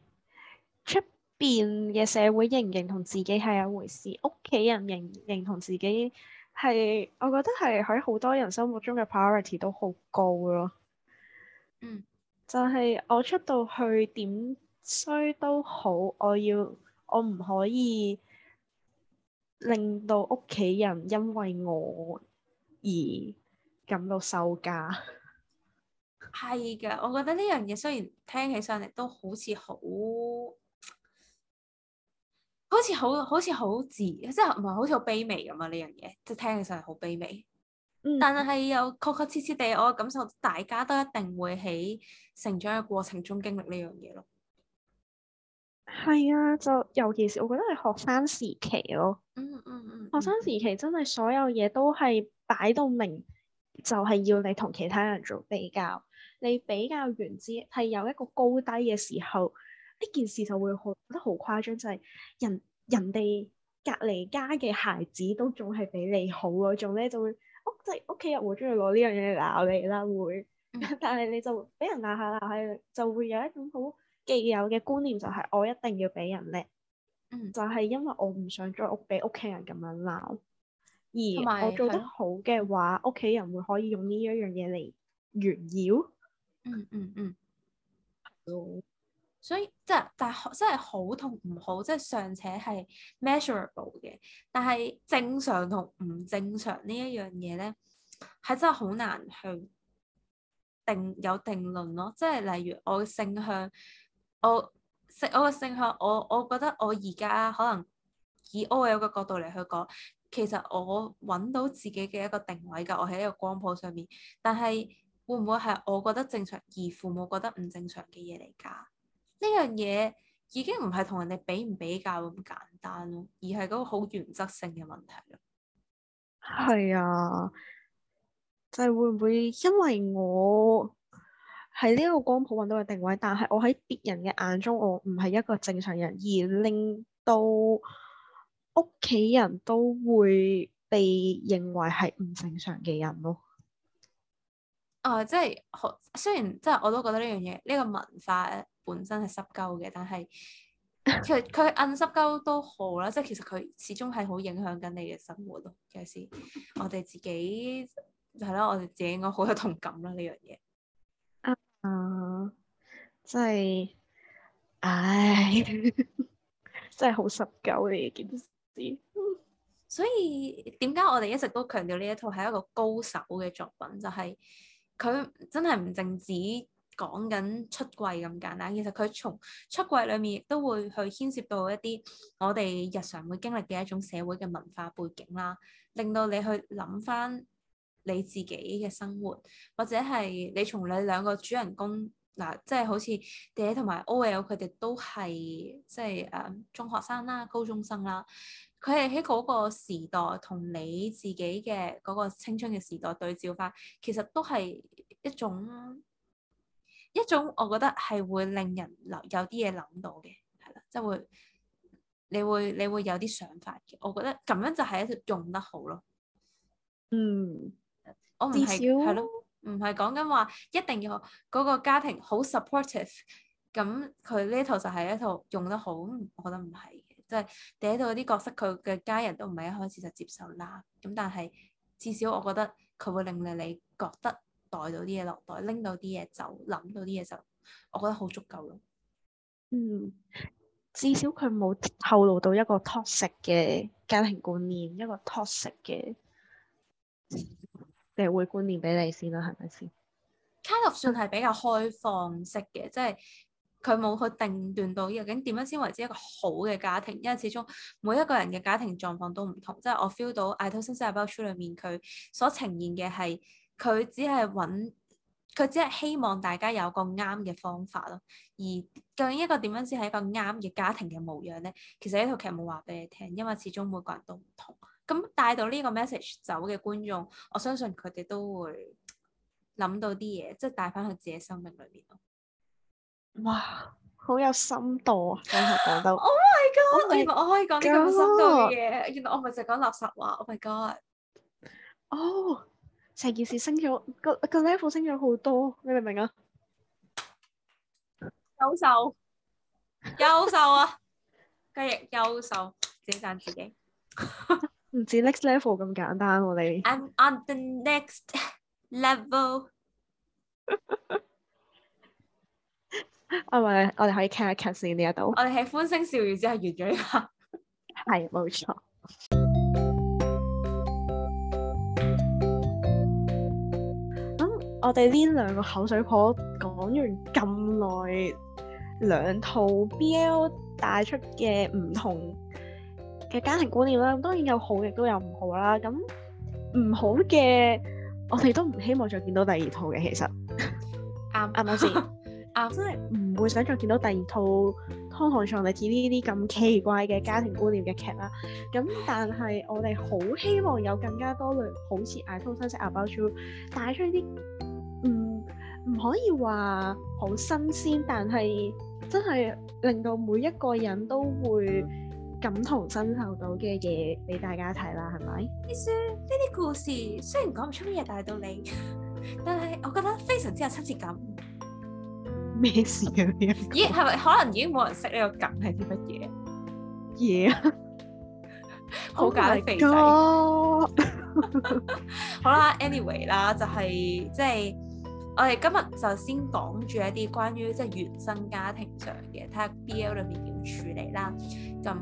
出邊嘅社會認唔認同自己係一回事，屋企人認唔認同自己係，我覺得係喺好多人心目中嘅 priority 都好高咯。嗯，就係我出到去點衰都好，我要我唔可以。令到屋企人因為我而感到羞家，係嘅。我覺得呢樣嘢雖然聽起上嚟都好似好，好似好好似好自，即係唔係好似好卑微咁啊？呢樣嘢即係聽起上嚟好卑微，嗯、但係又確確切切地，我感受大家都一定會喺成長嘅過程中經歷呢樣嘢咯。係啊，就尤其是我覺得係學生時期咯，嗯嗯嗯，嗯嗯學生時期真係所有嘢都係擺到明，就係要你同其他人做比較，你比較完之係有一個高低嘅時候，呢件事就會覺得好誇張，就係、是、人人哋隔離家嘅孩子都仲係比你好嗰種咧，就會屋即係屋企人會鍾意攞呢樣嘢嚟鬧你啦，會，嗯、但係你就俾人鬧下鬧下，就會有一種好。既有嘅觀念就係我一定要俾人叻，嗯、就係因為我唔想再屋俾屋企人咁樣鬧，而我做得好嘅話，屋企、嗯、人會可以用呢一樣嘢嚟炫耀。嗯嗯嗯，所以即係大學真係好同唔好，即係尚且係 measurable 嘅，但係正常同唔正常一呢一樣嘢咧，係真係好難去定有定論咯。即係例如我嘅性向。我識我個性向，我格我，我覺得我而家可能以 OL 嘅角度嚟去講，其實我揾到自己嘅一個定位噶，我喺呢個光譜上面，但係會唔會係我覺得正常，而得正常，這個比比，而父母覺得唔正常嘅嘢嚟噶？呢樣嘢已經唔係同人哋比唔比較咁簡單咯，而係嗰個好原則性嘅問題咯。係啊，就係、是、會唔會因為我，喺呢一個光譜揾到嘅定位，但係我喺別人嘅眼中，我唔係一個正常人，而令到屋企人都會被認為係唔正常嘅人咯。誒、啊，即係，雖然即係，我都覺得呢樣嘢，呢、這個文化本身係濕鳩嘅，但係其實佢暗濕鳩都好啦，即係其實佢始終係好影響緊你嘅生活咯。其實我哋自己係咯，我哋自己應該好有同感啦呢樣嘢。啊，uh, 真係，唉， 真係好十九嘅件事。所以點解我哋一直都強調呢一套係一個高手嘅作品，就係、是、佢真係唔淨止講緊出櫃咁簡單，其實佢從出櫃裏面亦都會去牽涉到一啲我哋日常會經歷嘅一種社會嘅文化背景啦，令到你去諗翻。你自己嘅生活，或者係你從你兩個主人公嗱，呃，即係好似爹同埋 O.L. 佢哋都係即係誒、呃、中學生啦、高中生啦，佢係喺嗰個時代同你自己嘅嗰個青春嘅時代對照返，其實都係一種一種我，我覺得係會令人諗有啲嘢諗到嘅，係啦，即係會你會你會有啲想法嘅，我覺得咁樣就係用得好咯，嗯。我唔係係咯，唔係講緊話一定要嗰個家庭好 supportive。咁佢呢套就係一套用得好，我覺得唔係嘅，即係第一套啲角色，佢嘅家人都唔係一開始就接受啦。咁但係至少我覺得佢會令到你覺得袋到啲嘢落袋，拎到啲嘢走，諗到啲嘢就我覺得好足夠咯。嗯，至少佢冇透露到一個 toxic 嘅家庭觀念，一個 toxic 嘅。社會觀念俾你先啦，係咪先卡 i 算係比較開放式嘅， 即係佢冇去定斷到究竟點樣先為之一個好嘅家庭，因為始終每一個人嘅家庭狀況都唔同。即係我 feel 到《I Too》先生喺包廂裏面，佢所呈現嘅係佢只係揾，佢只係希望大家有個啱嘅方法咯。而究竟一個點樣先係一個啱嘅家庭嘅模樣咧？其實呢套劇冇話俾你聽，因為始終每個人都唔同。咁帶到呢個 message 走嘅觀眾，我相信佢哋都會諗到啲嘢，即係帶翻去自己生命裏邊咯。哇，好有深度啊！講下講到，Oh my god！我原來我可以講啲咁深度嘅嘢，Girl. 原來我咪就成日講垃圾話。Oh my god！哦，成、oh，件事升咗個個 level 升咗好多，你明唔明啊？優秀，優 秀啊！繼續優秀，整賺自己。 唔止 next level 咁簡單，我哋。I'm on the next level。我咪，我哋可以傾一傾先呢一度。我哋係歡聲笑語之後完咗嘅。係， 冇 錯。咁我哋呢兩個口水婆講完咁耐，兩套 BL 帶出嘅唔同嘅家庭觀念啦，當然有好亦都有唔好啦。咁唔好嘅，我哋都唔希望再見到第二套嘅，其實啱啱唔啱先，啱、嗯，真係唔會想再見到第二套《Tonhon Chonlatee》呢啲咁奇怪嘅家庭觀念嘅劇啦。咁但係我哋好希望有更加多類好似《I Told Sunset About You》帶出去一啲，嗯，唔可以話好新鮮，但係真係令到每一個人都會。嗯感同身受到嘅嘢俾大家睇啦，係咪？啲書呢啲故事雖然講唔出乜嘢大道理，但係我覺得非常之有親切感。咩事啊？咦？係咪可能已經冇人識呢個梗係啲乜嘢嘢啊？好減肥仔。好啦，anyway 啦，就係即係我哋今日就先講住一啲關於即係原生家庭上嘅，睇下 BL 裏面點處理啦。咁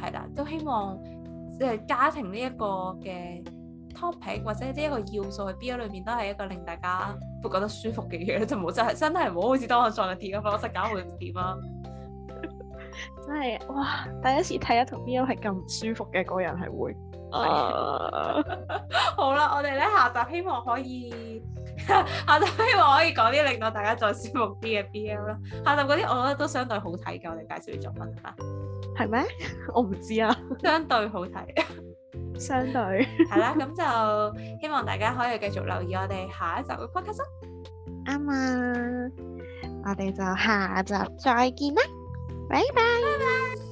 係啦，都希望即係、呃、家庭呢一個嘅 topic，或者呢一個要素喺 BL 裏面都係一個令大家都覺得舒服嘅嘢，就冇真係真係唔好好似當上塑料鐵咁，我實搞會唔掂啊！ 真係哇，第一次睇一套 BL 係咁舒服嘅，個人係會。Uh、 好啦，我哋咧下集希望可以。下集希望可以講啲令到大家再舒服啲嘅 BL 啦，下集嗰啲我覺得都相對好睇嘅，我哋介紹啲作品啦。係咩？我唔知啊。相對好睇。相對。係啦，咁就希望大家可以繼續留意我哋下一集嘅 Podcast 啦。啱啊！我哋就下集再見啦。拜拜。